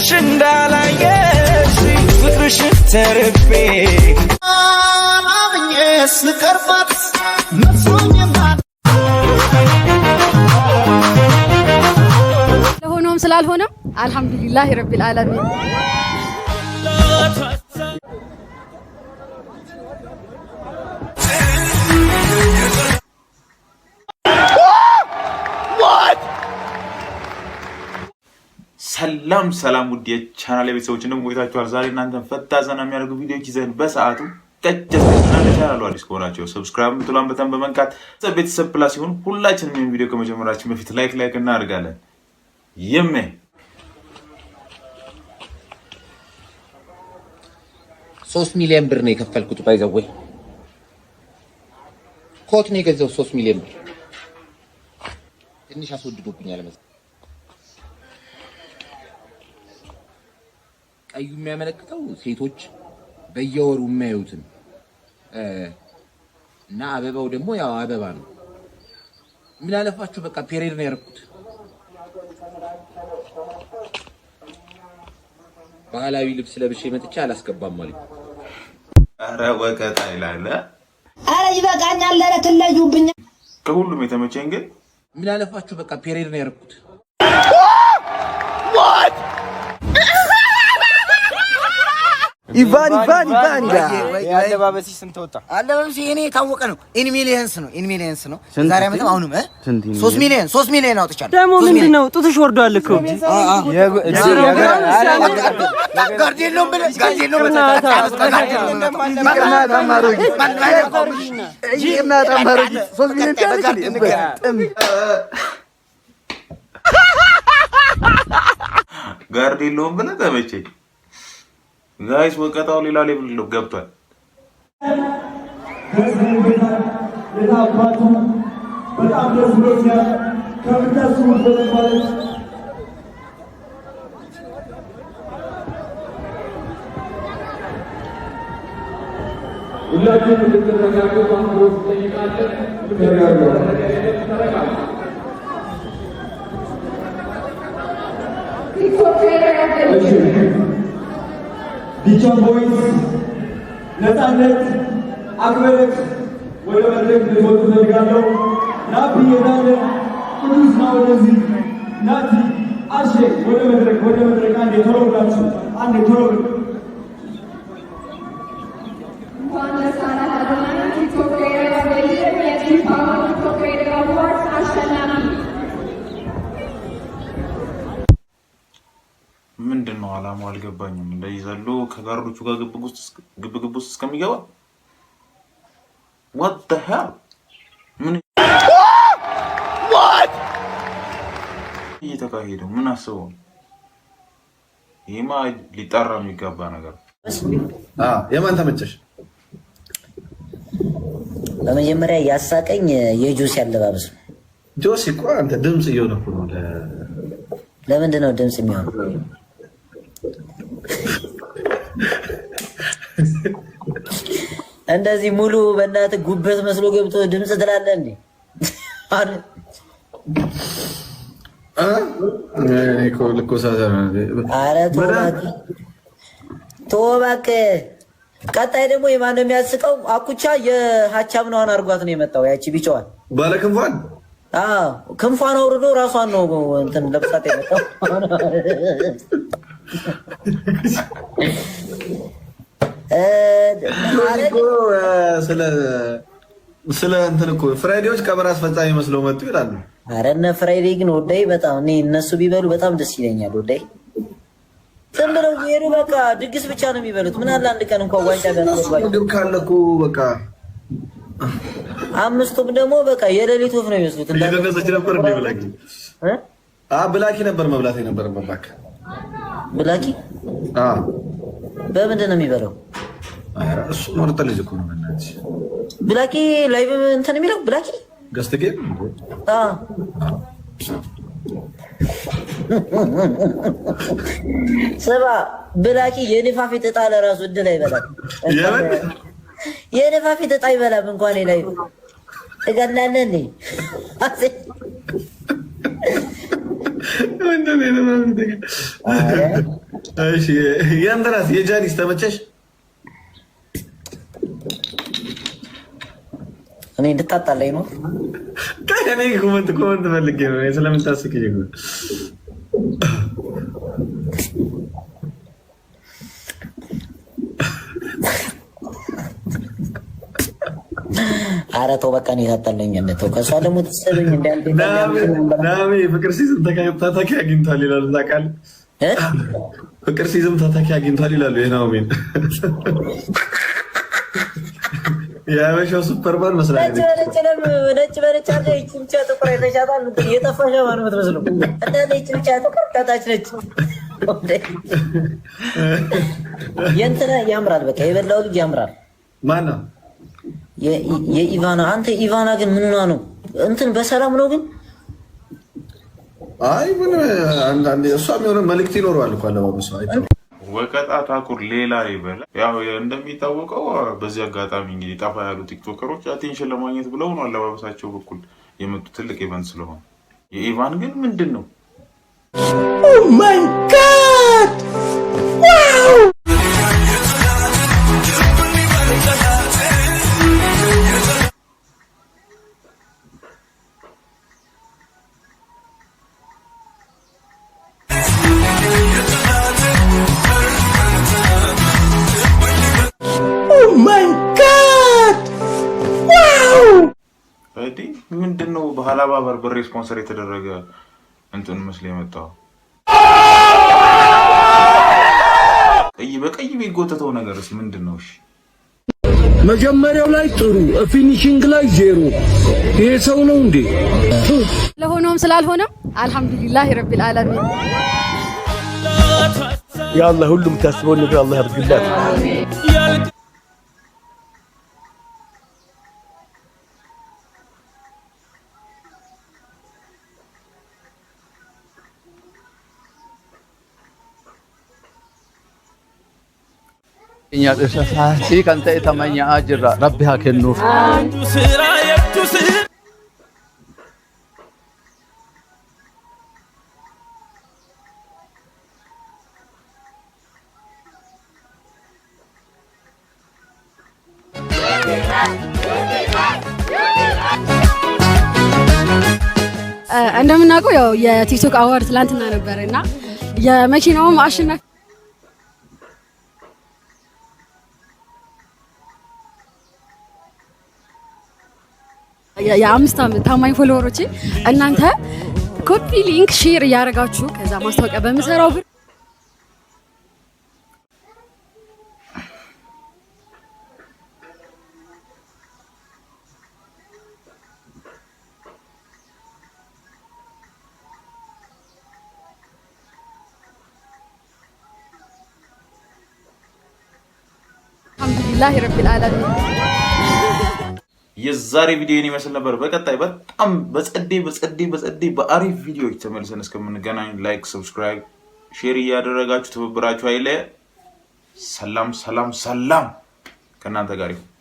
ፊትሽ እንዳላየሽ ፍቅርሽን ተርቤ አማብኜስ ልቀርባት ለሆኖም ስላልሆነም አልሐምዱሊላህ ረቢል ዓለሚን ሰላም ሰላም ውድ የቻናል ቤተሰቦች እንደምን ቆይታችኋል? ዛሬ እናንተን ፈታ ዘና የሚያደርጉ ቪዲዮዎች ይዘን በሰዓቱ ቀጀስና ለቻናሉ አዲስ ከሆናቸው ሰብስክራይብ ምትሏን በተን በመንካት ቤተሰብ ፕላስ ሲሆን ሁላችንም ይህን ቪዲዮ ከመጀመራችን በፊት ላይክ ላይክ እናደርጋለን። ይሜ ሶስት ሚሊዮን ብር ነው የከፈልኩት። ባይዘወይ ኮት ነው የገዛው ሶስት ሚሊዮን ብር ትንሽ አስወድዶብኛል መሰለኝ ቀዩ የሚያመለክተው ሴቶች በየወሩ የሚያዩትን እና አበባው ደግሞ ያው አበባ ነው። ምን አለፋችሁ በቃ ፔሬድ ነው ያደረኩት። ባህላዊ ልብስ ለብሼ መጥቼ አላስገባም ማለት አረ ወቀጣ ይላል። አረ ይበቃኛል። አረ ትለዩብኝ። ከሁሉም የተመቸኝ ግን ምን አለፋችሁ በቃ ፔሬድ ነው ያደረኩት። ኢቫን ኢቫን ኢቫን ይላል። ስንት ወጣ? አለባበስሽ የእኔ የታወቀ ነው። ኢን ሚሊየንስ ነው። ኢን ሚሊየንስ ነው። ዛሬ ዓመትም አሁንም ሶስት ሚሊየን ሶስት ሚሊየን አውጥቻለሁ። ደግሞ ምንድን ነው ጡትሽ ወርዷል እኮ ጋርድ የለውም ብለህ ተመቸኝ። ጋይስ ወቀጣው ሌላ ሌብል ገብቷል። አባቱ በጣም ደስ ብሎኛል። ከምታስቡት በላይ ማለት ሁላችሁም እንድትረጋጉ ባንቦት ጠይቃለን። ተረጋጉ ኢትዮጵያ ቢቸን ቦይስ ነፃነት አክበረት ወደ መድረክ ልትወጡ ፈልጋለሁ። ናፒ የዳለ ቅዱስ ና ናቲ አሼ ወደ መድረክ ወደ መድረክ አንድ የቶሎ ብላችሁ አንድ የቶሎ ነው አላማው? አልገባኝም። እንደዚህ ዘሎ ከጋርዶቹ ጋር ግብግብ ውስጥ እስከሚገባ ዋት ምን እየተካሄደ ምን አስበው? ይህማ ሊጣራ የሚገባ ነገር። የማን ተመቸሽ? በመጀመሪያ ያሳቀኝ የጆሲ አለባበስ ነው። ጆሲ እኮ አንተ ድምፅ እየሆነ ነው። ለምንድን ነው ድምፅ የሚሆነው? እንደዚህ ሙሉ በእናት ጉበት መስሎ ገብቶ ድምፅ ትላለ እንዴ? ቶባክ ቀጣይ ደግሞ የማን ነው የሚያስቀው? አኩቻ ነዋን አድርጓት ነው የመጣው። ያቺ ቢጫዋን ባለክንፏን ክንፏን አውርዶ ራሷን ነው እንትን ለብሳት የመጣው። ስለ እንትን እኮ ፍራይዴዎች ቀብር አስፈጻሚ መስለው መጡ ይላሉ። አረ እነ ፍራይዴ ግን ወዳይ በጣም እኔ እነሱ ቢበሉ በጣም ደስ ይለኛል። ወዳይ ዝም ብለው ሄዱ። በቃ ድግስ ብቻ ነው የሚበሉት። ምን አለ አንድ ቀን እንኳ ዋንጫ ምግብ ካለ እኮ በቃ አምስቱም ደግሞ በቃ የሌሊት ወፍ ነው የሚመስሉት። ነበር ብላኪ ነበር መብላት ነበር ብላኪ በምንድን ነው የሚበላው? እሱ ምርጥ ልጅ እኮ ነው። በእናትህ ብላኪ ላይ እንትን የሚለው ብላኪ ገስት ጌም ስባ ብላኪ የንፋፊት እጣ ለራሱ እድል አይበላም። የንፋፊት እጣ አይበላም። እንኳን ላይ ትገናለህ የእንትናስ የጃኒስ ተመቸሽ? እኔ እንድታጣላኝ ነው። እኔ ኮመንት ኮመንት ፈልጌ ነው ስለምታስቅ ኧረ ተው በቃ ነው የታጣለኝ። እንደተው ከእሷ ደግሞ ትሰበኝ እንዳልናሜ ፍቅር ሲዝም ታታኪ አግኝቷል ይላሉ። ታውቃለህ ፍቅር ሲዝም ታታኪ አግኝቷል ይላሉ። የናሜን የሀበሻው ሱፐርማን መስላል። ነጭ ጥቁር የተሻታል የጠፋሽ ማን የምትመስለው ብቻ ጥቁር ከታች ነች። የእንትና ያምራል፣ በቃ የበላው ልጅ ያምራል። ማን ነው የኢቫና አንተ ኢቫና ግን ምንና ነው እንትን በሰላም ነው ግን? አይ ምን አንዳንዴ እሷም የሆነ መልዕክት ይኖረዋል እኮ አለባበሱ ወቀጣ ታኩር ሌላ ይበላ። ያው እንደሚታወቀው በዚህ አጋጣሚ እንግዲህ ጠፋ ያሉ ቲክቶከሮች አቴንሽን ለማግኘት ብለው ነው አለባበሳቸው በኩል የመጡ ትልቅ ኢቨንት ስለሆነ የኢቫን ግን ምንድን ነው? ማይ ጋድ ባበር ብሬ ስፖንሰር የተደረገ እንትን ምስል የመጣው በቀይ የሚጎተተው ነገርስ ምንድን ነው? እሺ መጀመሪያው ላይ ጥሩ ፊኒሽንግ ላይ ዜሮ። ይሄ ሰው ነው እንዴ? ለሆነውም ስላልሆነም አልሐምዱሊላህ ረቢል ዓለሚን። ያ አላህ ሁሉም ታስበው ነገር አላህ ያርግላት። Fi kan ta'e tamanya'aa jirra. Rabbi haa kennuuf. እንደምናውቀው ያው የቲክቶክ አዋርድ ትላንትና ነበር እና የመኪናውም አሸናፊ የአምስት ዓመት ታማኝ ፎሎወሮች እናንተ ኮፒ ሊንክ ሼር እያደረጋችሁ ከዛ ማስታወቂያ በምሰራው ብር አልሐምዱሊላህ ረቢል ዓለሚን የዛሬ ቪዲዮ ይህን ይመስል ነበር። በቀጣይ በጣም በጸዴ በጸዴ በጸዴ በአሪፍ ቪዲዮዎች ተመልሰን እስከምንገናኝ ላይክ፣ ሰብስክራይብ፣ ሼር እያደረጋችሁ ትብብራችሁ አይለ ሰላም ሰላም ሰላም ከእናንተ ጋር ይሁን።